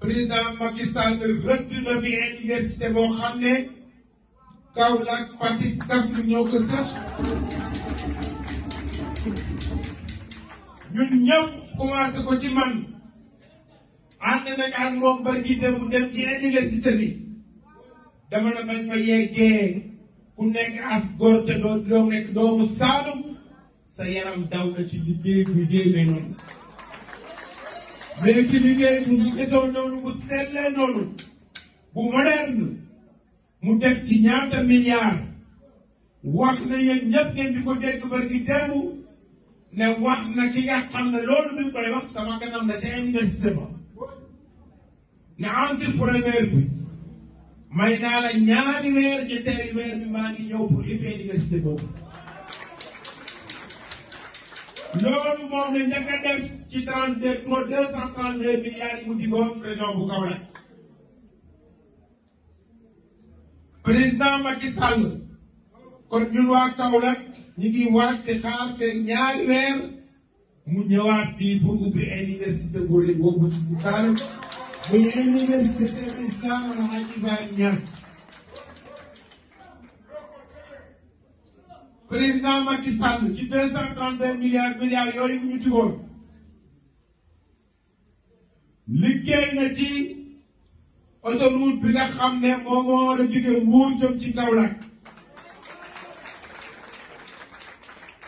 président Macky Sall rëdd na fi université boo xam ne Kaolack Fatick Kaffrine ñoo ko sëx ñun ñëpp commencé ko ci man ànd nañ ak moom bari gi dem dem ci université bi dama na bañ fa yeggee ku nekk as góor doomu Saalum sa yaram daw na ci liggéey bu yéeme noonu mais état noonu bu sellee noonu bu moderne mu def ci ñaata milliards wax na yéen ñëpp ngeen di ko dégg barki démb ne wax na ki nga xam ne loolu bi koy wax sama kanam na ca université ba ne entrepreneur bi may naa la ñaari weer ñetteeli weer bi maa ngi ñëw pour université boobu. loolu moom la njëkk a ci trente deux trois deux cent trente mu digoon région bu Kaolack président Macky Sall kon ñun waa Kaolack ñu ngi war di xaar seen ñaari weer mu ñëwaat fii pour ubbi université bu rëy boobu ci Saalum muy université Cheikh Ibrahima Niass président Macky ci deux cent trente deux milliards milliards yooyu mu ci tigoon liggéey na ci autoroute bi nga xam ne moom moo war a jóge Mbour jëm ci Kaolack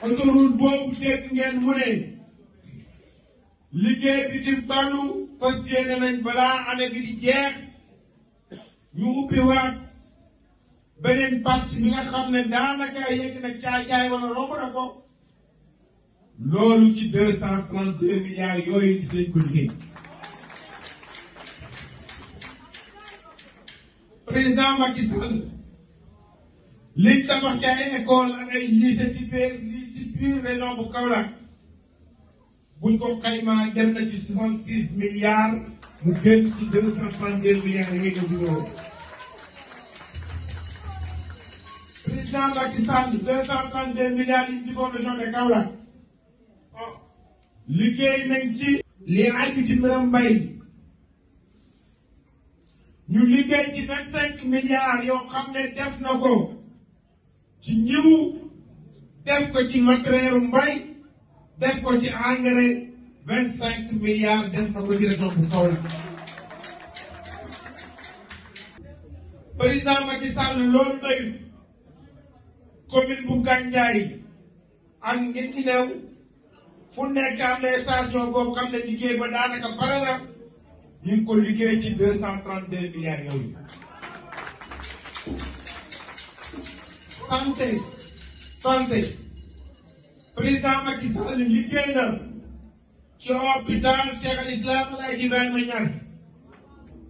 boobu dégg mu ne liggéey bi ci bàllu fas yéene nañ balaa année bi di jeex ñu ubbi waat beneen pàcc mi nga xam ne daanaka yegg na caajaay wala romb na ko loolu ci deux cent yooyu gis ko liggéey président Macky Sall liñ tabax école ak ay lycée ci biir ci biir région bu Kaolack buñ ko xaymaa dem na ci soixante six mu gën ci deux cent trente deux président Macky Sall li aju ci mbiram mbay ñu liggéey ci vingt cinq milliards yoo xam ne def na ko ci njiwu def ko ci matériel mbay def ko ci engrais vingt cinq milliards def na ko ci région bu Kaolack président Macky loolu doyul commune bu Gandiaye ak Ngintineew fu nekk am na station boo xam ne liggéey ba daanaka pare na ñu ko liggéey ci deux cent trente deux milliards yooyu. santé santé président Macky Sall liggéey na ci hôpital Cheikh al Islam El Hadj Ibrahima Niass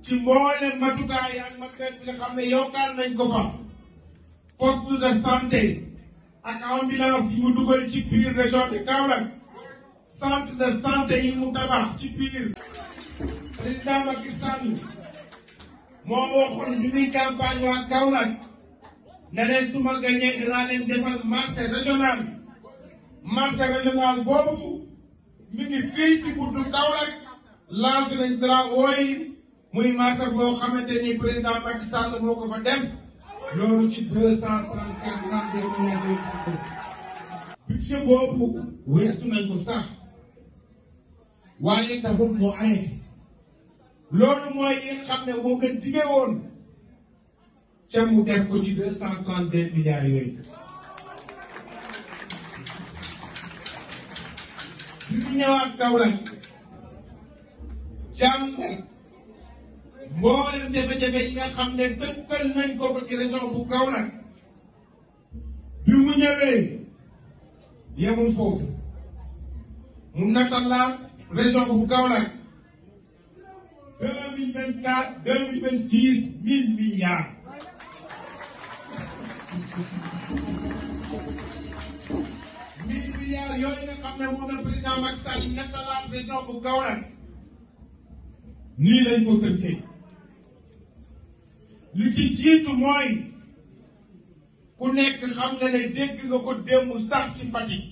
ci mboolem matukaay ak matériel bi nga xam ne yokkaat nañ ko fa. poste de santé ak ambulance yi mu dugal ci biir région de Kaolack centre de santé yi mu tabax ci biir président Macky Sall moo waxoon ñu muy campagne waa Kaolack ne leen su ma gañee dinaa leen defal marché régional marché régional boobu mi ngi fii ci buntu Kaolack lancé nañ drapeau yi muy marché boo xamante ni président Macky Sall moo ko fa def loolu ci deux cent trente quatre vingt deux milliards de budget boobu weesu nañ sax waaye dafa moo arrêté loolu mooy li nga xam ne moo ko digee woon ca mu def ko ci deux cent trente deux milliards yooyu bi ñu ñëwaat Kaolack jàngal mboolem jafe-jafe yi nga xam ne dëkkal nañ ko ko ci région bu Kaolack bi mu ñëwee yemul foofu mu nattal la région bu Kaolack deux mille vingt quatre deux mille vingt six mille milliards. mille milliards yooyu nga xam ne moom la président Macky Sall nattalaat bu Kaolack nii lañ ko tënkee. li ci jiitu mooy ku nekk xam nga ne dégg nga ko démb sax ci Fatick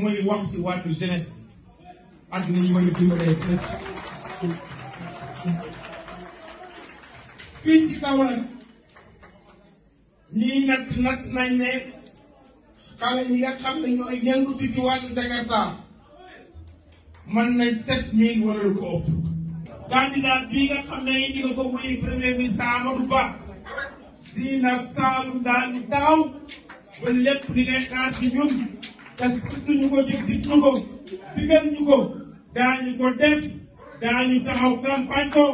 mooy wax ci wàllu jeunesse ak ni ñu war a dimbalee jeunesse fii ci Kaolack ñii natt natt nañ ne xale yi nga xam ne ñooy yëngatu ci wàllu Jakarta mën nañ sept mille wala lu ko ëpp candidat bii nga xam ne indi nga ko muy premier ministre Amadou Ba si nag Saalum daal di taxaw ba lépp li ngay xaar ko ci dig ko digal ñu ko daañu ko def daañu taxaw campagne ko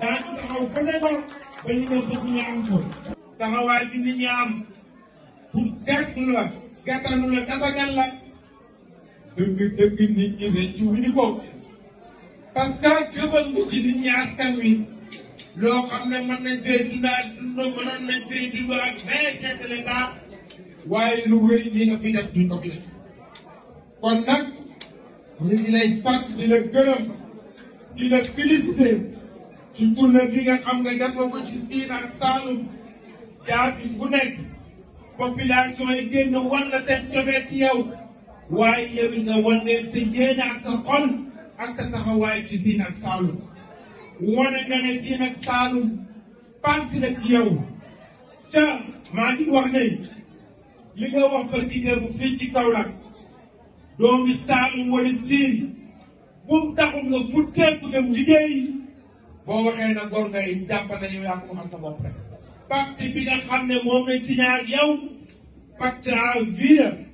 daañu taxaw voté ko ko bëgg ñu am ko taxawaay bi nit ñi am pour gàttu la la gàttagal la dëgg dëgg nit ñi rëccu wu ñu ko parce que jëfal nga ci nit ñi askan wi loo xam ne mën nañ fee dundaat dund mënoon nañ fee dundaat benn chef de l'État waaye lu wéy li nga fi def duñ ko fi def kon nag ñu ngi lay sant di la gërëm di la félicité ci tournée bi nga xam ne def nga ko ci Siin ak Saalum jaar fi bu nekk population yi génn wan la seen cofeet ci yow waaye yow it nga wan leen sa yéene ak sa xol. ak sa taxawaay ci Sine ak Saalum wane nga ne ak Saalum parti ci yow ca maa wax ne li nga wax ba diggante bu fii ci Kaolack doomi Saalum wala Sine bu mu taxul nga futteeku dem liggéey boo waxee na gor ngay jàpp ne yow yaa ko xam sa bopp rek. parti bi nga xam ne moom lañ signé ak yow pacte à vie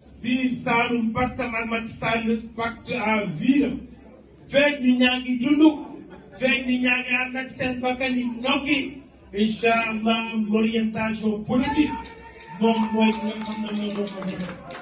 si Saalum pactam ak Macky Sall pacte à vie la ni ñaa ngi dund ni ñaa ngi ànd ak nokki incha allah l'orientation politique moom mooy ki nga xam ne moom moo